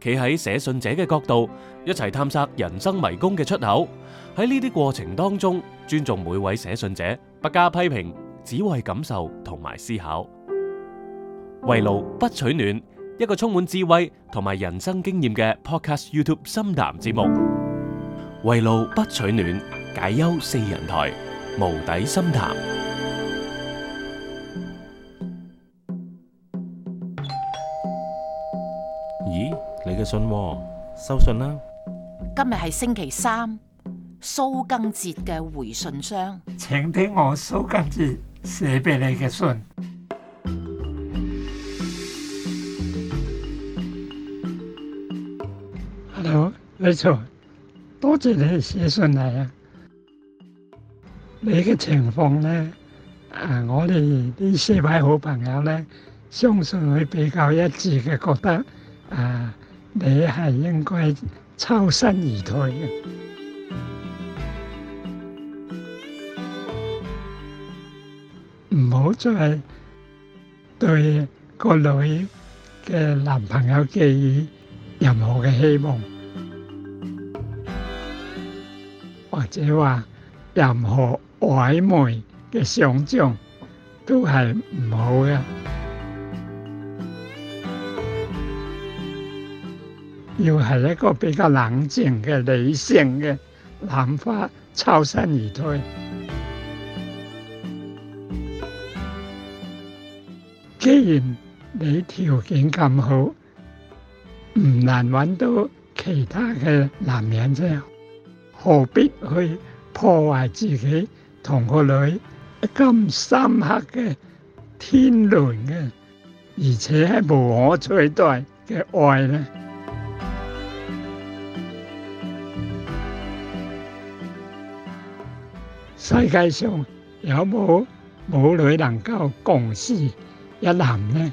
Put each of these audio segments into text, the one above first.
企喺寫信者嘅角度，一齊探索人生迷宮嘅出口。喺呢啲過程當中，尊重每位寫信者，不加批評，只為感受同埋思考。圍爐不取暖，一個充滿智慧同埋人生經驗嘅 Podcast YouTube 深談節目。圍爐不取暖，解憂四人臺，無底深談。嘅信，收信啦。今日係星期三，蘇賡哲嘅回信箱，請聽我蘇賡哲寫俾你嘅信。Hello，李卓，多謝你寫信嚟啊。你嘅情況咧，誒，我哋呢四位好朋友咧，相信會比較一致嘅，覺得誒。你係應該抽身而退嘅，唔好再對個女嘅男朋友寄予任何嘅希望，或者話任何曖昧嘅想象都係唔好嘅。要係一個比較冷靜嘅理性嘅諗法，抽身而退。既然你條件咁好，唔難揾到其他嘅男人啫，何必去破壞自己同個女咁深刻嘅天倫嘅，而且係無可取代嘅愛呢？世界上有冇母女能夠共侍一男呢？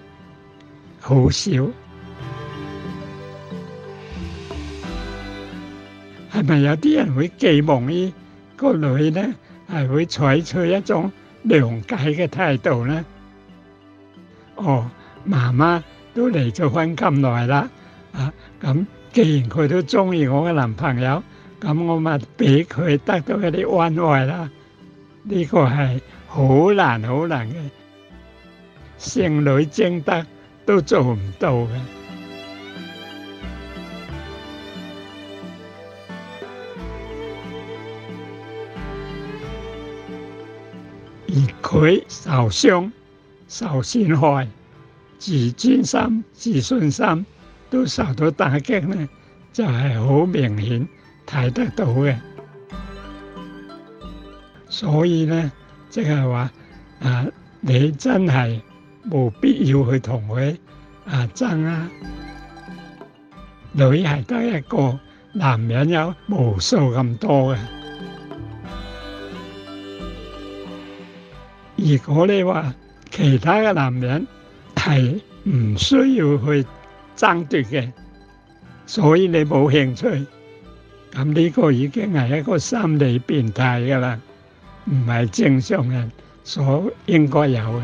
好少。係咪有啲人會寄望於個女呢，係會採取一種諒解嘅態度呢？哦，媽媽都離咗婚咁耐啦，啊，咁既然佢都鍾意我嘅男朋友，咁我咪俾佢得到一啲安慰啦。呢個係好難好難嘅，聖女貞德都做唔到嘅，而佢受傷、受損害、自尊心、自信心都受到打擊咧，就係好明顯睇得到嘅。所以呢，即係話，啊，你真係冇必要去同佢啊爭啊。女係得一個，男人有無數咁多嘅。如果你話其他嘅男人係唔需要去爭奪嘅，所以你冇興趣，咁呢個已經係一個心理變態噶啦。唔係正常人所應該有嘅，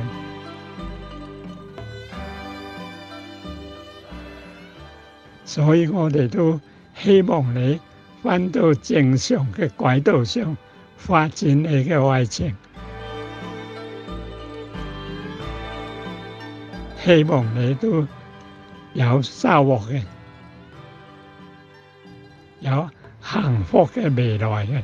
所以我哋都希望你翻到正常嘅軌道上發展你嘅愛情，希望你都有收穫嘅，有幸福嘅未來嘅。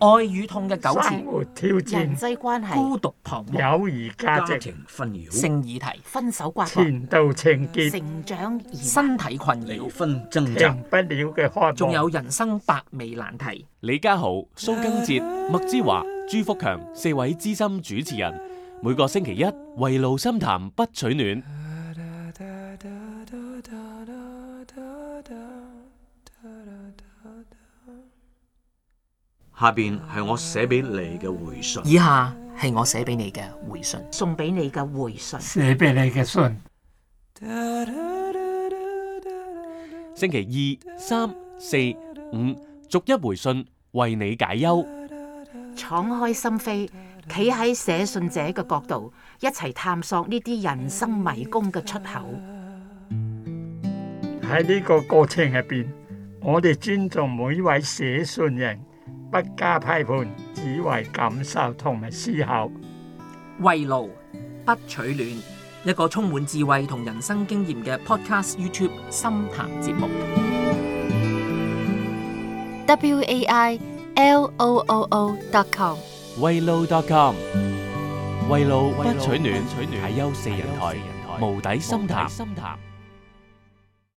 愛與痛嘅糾纏，人際關係，孤獨彷徨，友誼價值，家庭紛擾，成疑題，分手瓜葛，前度情結，成長，身體困擾，離婚掙扎，受不了嘅開，仲有人生百味難題。李家豪、蘇賡哲、麥之華、朱福強四位資深主持人，每個星期一圍爐心談不取暖。下邊係我寫俾你嘅回信。以下係我寫俾你嘅回信，送俾你嘅回信，寫俾你嘅信。星期二、三、四、五，逐一回信，為你解憂。敞開心扉，企喺寫信者嘅角度，一齊探索呢啲人生迷宮嘅出口。喺呢個過程入邊，我哋尊重每一位寫信人。不加批判，只為感受同埋思考。圍爐不取暖，一個充滿智慧同人生經驗嘅 Podcast YouTube 深談節目。wai l o o o dot com 圍爐 dot com 圍爐不取暖，大優四人台無底深談。